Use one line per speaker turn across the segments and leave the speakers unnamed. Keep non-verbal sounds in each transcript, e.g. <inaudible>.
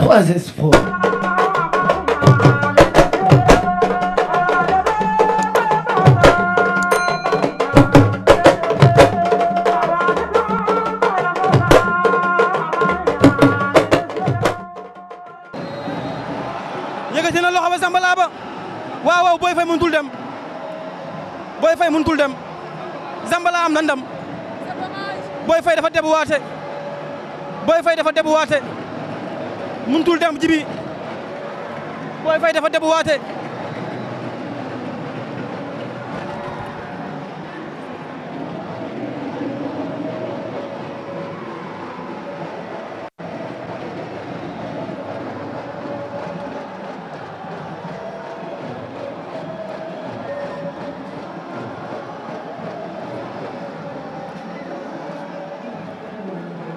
3S Pro. yëkkati na loxo ba Sambala ba waaw waaw Boy Faye mënutul dem Boy Faye mënutul dem Sambala am na ndam Boy Faye dafa debu waate Boy Faye dafa debu waate mënutul dem jibi booy fay dafa debuwaate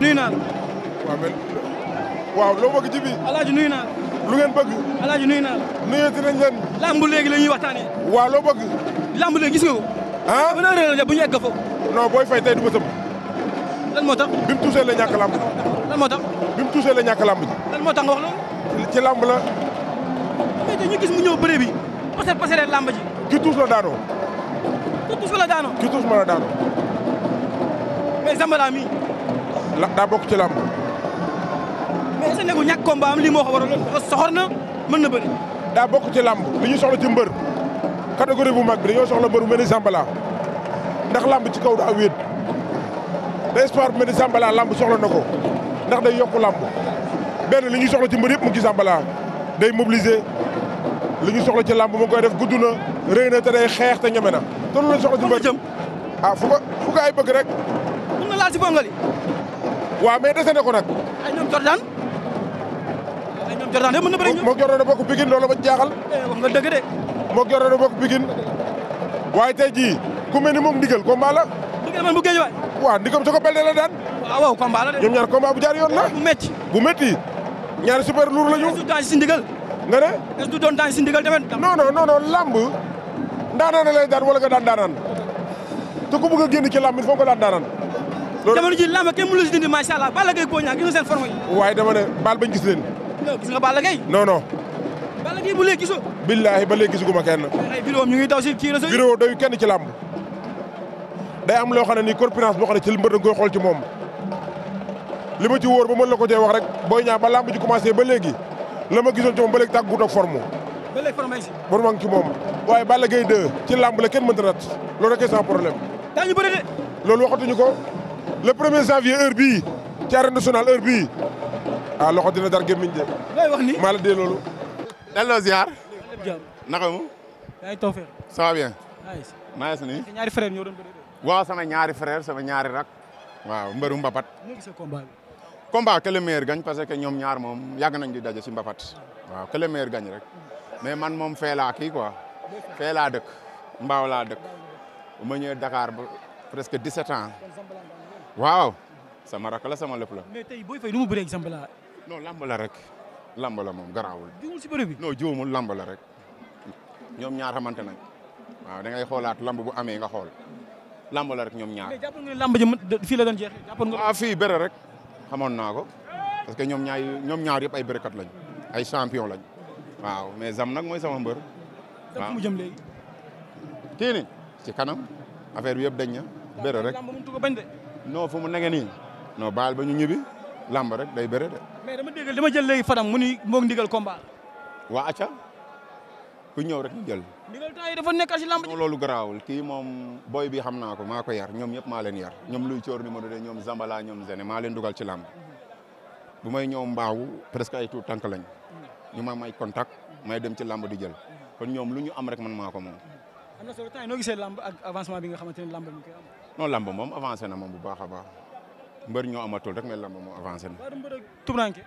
nuyu naa la waaw loo bëgg jibi alaaji nuyu naa lu ngeen bëgg alaaji nuyu naa nuyu dinañ leen lamb léegi la ñuy waxtaanee waaw loo bëgg lamb léegi gis nga ko ah mën a réer la bu ñu egg foofu non booy fay tey du ma sëb lan moo tax bi mu tuusee la ñàkk lamb lan la ñàkk lamb ji lan moo tax nga ci lamb la mais tey ñu gis mu ñëw bëre bi passer passer lamb ji tuus la daanoo ki tuus la daanoo ki tuus ma la daanoo mais Zambala bokk ci lamb mais sa negu ñàkk combat am lii moo ko waral soxor na mën na bëri. daa bokk ci làmb li ñu soxla ci mbër catégorie bu mag dañoo soxla mbër bu mel ni Zambala ndax làmb ci kaw daa wéet day sport bu mel làmb soxla na ko ndax day yokku làmb li ñuy soxla ci mbër yëpp ci Zambala day mobiliser li ñu soxla ci làmb mu koy def gudd na rëy na te day xeex ñeme na te la soxla ci mbër ah fu ko fu ko ay bëgg nag. Jordan. Jordan de mën na bëri ñu. moog Jordan da bokk Pikine loolu ba jaaxal. moo eh, nga dëgg de. moog Jordan da bokk Pikine waaye tey jii ku ni moom ndigal combat la. ndigal man bu géej waay. waaw ndigam su ko belde la daan. waaw waaw de. ñoom ñaar combat bu jaar yoon la. bu métti bu métti. super lourd la ñu. si ndigal. nga ne. est-ce que du doon daan si ndigal tamit. non non non non lamb ndaanaan lay daan wala nga daan daanaan te ku ci lamb il faut nga ji lamb kenn mënu la si dindi macha allah baal la koy góoñaa gis nga seen forme yi. waaye dama ne baal gis nga Balla Gaye non non Balla Gaye léegi gisoo billaahi ba léegi gisuguma kenn ay eh, eh, vidéo ñu ngi daw si kii réseau vidéo doyu kenn ci làmb day am loo xam ne nii corpulence boo xam ne ci mbër da nga koy xool ci moom li ma ci wóor ba mën la ko cee wax rek booy ñaa ba làmb ji commencé ba léegi la ma gisoon ci moom ba léegi tàggut ak forme ba léegi forme si bon maa ngi ci moom waaye ba Gaye 2 ci làmb la kenn mënta rat loolu rek sans problème daa ñu bëri de loolu waxatuñu ko le premier janvier heure bii ci arène nationale bii a ah, loxo dina dar gémmiñ de.
looy maa la dee loolu. delloo ziar. naka mu.
yaa
bien. maa ngi nii. ñaari frère ñoo doon bëri. sama ñaari frère sama ñaari rak. waaw mbëru Mbapat. ñoo gisee combat bi. gañ que parce que ñoom ñaar moom yàgg nañ di daje si Mbapat. waaw que le meilleur rek. mais man moom fee laa kii quoi. fee laa dëkk. mbaaw laa dëkk. bu ma ñëwee Dakar ba presque 17 ans. waaw. sama rak la sama lépp la.
mais tey booy nu mu bëree exemple non lamb rek
lamb moom garaawul. jiwul si bëri bi rek ñoom ñaar xamante nañ waaw da ngay xoolaat lamb bu amee nga xool lamb rek ñoom ñaar. mais jàppoon nga lamb fii la doon jeex jàppoon nga. ah fii bëre rek xamoon naa ko parce que ñoom ñaar ñoom ñaar yëpp ay bërekat lañ ay champion lañ waaw mais zam nag mooy sama mbër. waaw mu jëm léegi. ci kanam affaire bi yëpp dañ na. bëre rek non fu mu nege nii. non baal ba ñu làmb rek day bëre de. mais dama dégg jël léegi Fadam mu ni moog ndigal combat. waa acca ku ñëw rek ñu jël. ndigal temps dafa nekk ci làmb. loolu garaawul kii moom booy bi xam naa ko maa ko yar ñoom ñëpp maa leen yar ñoom luy coor numéro de ñoom Zambala ñoom Zene maa leen dugal ci làmb bu may ñëw mbaawu presque ay tànk lañ ñu ma may contact may dem ci làmb di jël kon ñoom lu ñu am rek man maa ko moom.
na solo temps noo gisee ak avancement bi nga xamante ne làmb mi
ngi moom avancé na moom bu baax a baax. mbër ñoo amatul rek mais lamb moom avancé na. tumuranke.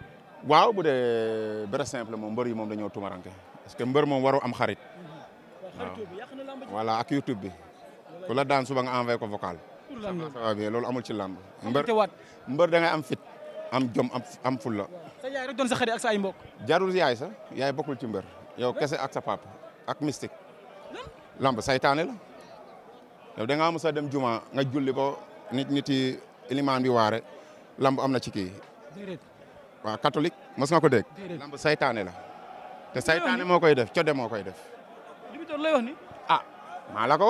waaw bu dee bëre simple moom mbër yi moom dañoo tumuranke parce que mbër moom waroo am xarit. waaw voilà ak YouTube bi. ku la daan suba nga ko vocal. ça loolu amul ci lamb. mbër mbër da am fit. am jom am am fulla. sa yaay rek jarul yaay sax yaay bokkul ci mbër. yow kese ak sa papa ak mystique. lamb saytaane la. yow da ngaa mos dem juma nga julli bo nit nit ilimaan bi waare lamb am na ci kii. waaw katolik mos nga ko dégg. lamb seytaane la. te saytaane moo koy def code moo koy def. Libidor ah, maa la ko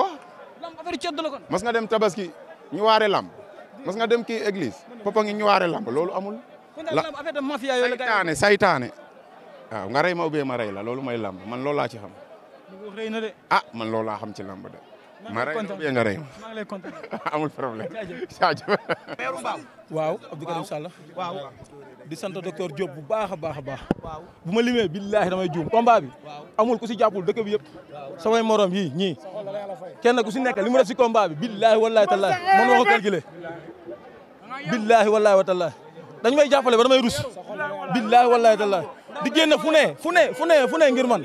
wax.
mos nga dem tabaski ñu waare lamb. mos nga dem kii église. popo ngi ñu waare lamb loolu amul. la saytaane saytaane. waaw nga rey ma ubbee ma rey la loolu mooy lamb man loolu laa ci xam. a ah, man loolu laa xam ci lamb de. ma rey ma bien nga
<laughs> waaw Abdou Karim Sall. di sant docteur Diop bu baax a baax a baax. bu ma limee billaahi damay juum combat bi. amul ku si jàppul dëkk bi yëpp. samay morom yii ñii. kenn ku si nekk li mu def si combat bi billaahi wallaahi tallaahi man moo ko billaahi wallaahi wa dañu may jàppale ba damay rus. billaahi wallaahi tallaahi di génn fu ne fu ne fu ne fu ne ngir man.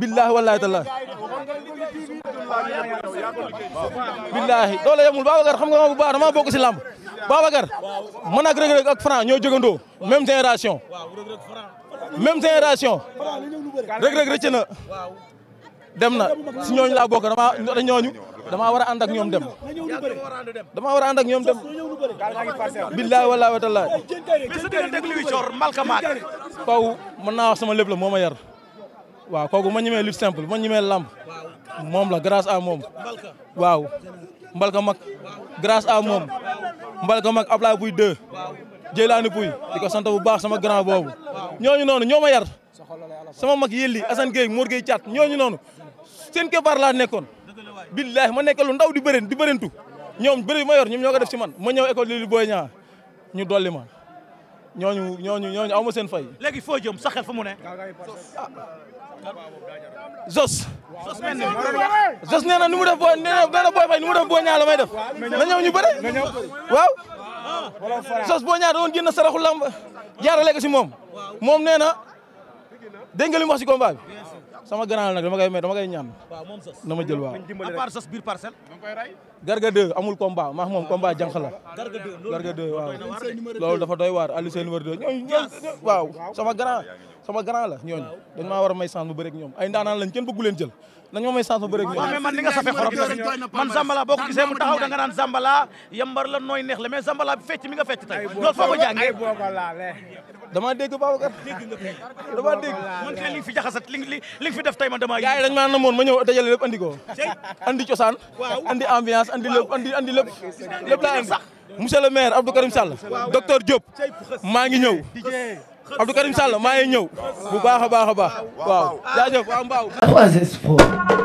billaahi wallaahi tallaahi billaahi doole yemul Babacar xam nga ma bu baax dama bokk si làmb Babacar ma ak Reug Reug ak Franc ñoo jógandoo même génération même génération Reug Reug rëcc na dem na si ñooñu laa bokk dama ñooñu damaa war a ànd ak ñoom dem damaa war a ànd ak ñoom dem billaahi wallaahi wa tallaahi faw la moo ma yar waaw kooku ma ñemee lutte simple ma ñemee lamb moom la grâce à moom waaw mbalka mag grâce à moom mbalka mag Ablaye Pouy 2 Jëlaani Pouy di ko sant bu baax sama grand boobu ñooñu noonu ñoo ma yar sama mag yëlli Assane Gueye Mor Gueye Thiat ñooñu noonu seen kebaar laa nekkoon billaahi ma nekk lu ndaw di bërin di bërintu ñoom bëri ma yor ñoom ñoo ko def ci man ma ñëw école li li ñaa ñu dolli ma ñooñu ñooñu ñooñu aw ma seen fay. léegi foo jëm sa xel mu ne. Zos. Zos nee na nu mu def boo nee na booy fay nu mu def boo ñaar la may def. na ñëw ñu bëre. waaw. Zos boo ñaar da doon génn saraxu lamb jaarale ko si moom. moom nee na dégg nga li sama grand nag dama koy may dama koy ñaan. waaw moom sas na ma jël waaw. à part sas biir parcelle. da koy ray. garga 2 amul combat maa moom combat jànq la. garga 2 garga 2 waaw. loolu dafa doy waar Aliou Seye numéro 2 ñooñu waaw sama grand sama grand la ñooñu dañ maa war a may sànq bu bëri ñoom ay ndaanaan lañ kenn bëggu leen jël nañ ma may chance ma bëre ak mais man li nga safee xorom man Zambala boo ko gisee mu taxaw da naan Zambala yambar la nooy neex la mais Zambala bi fecc mi nga fecc tey loolu foo ko jàngee dama dégg ba dama dégg man tey li nga fi jaxasat li li li fi def tey man dama yaay dañ maa namoon ma ñëw dajale lépp andi ko andi cosaan andi ambiance andi lépp andi andi lépp lépp laa andi monsieur le maire Abdou Karim Sall docteur Diop maa ngi ñëw Abdou Karim Sall maa ngi ñëw bu baax a baax a baax waaw jaajëf waaw
mbaaw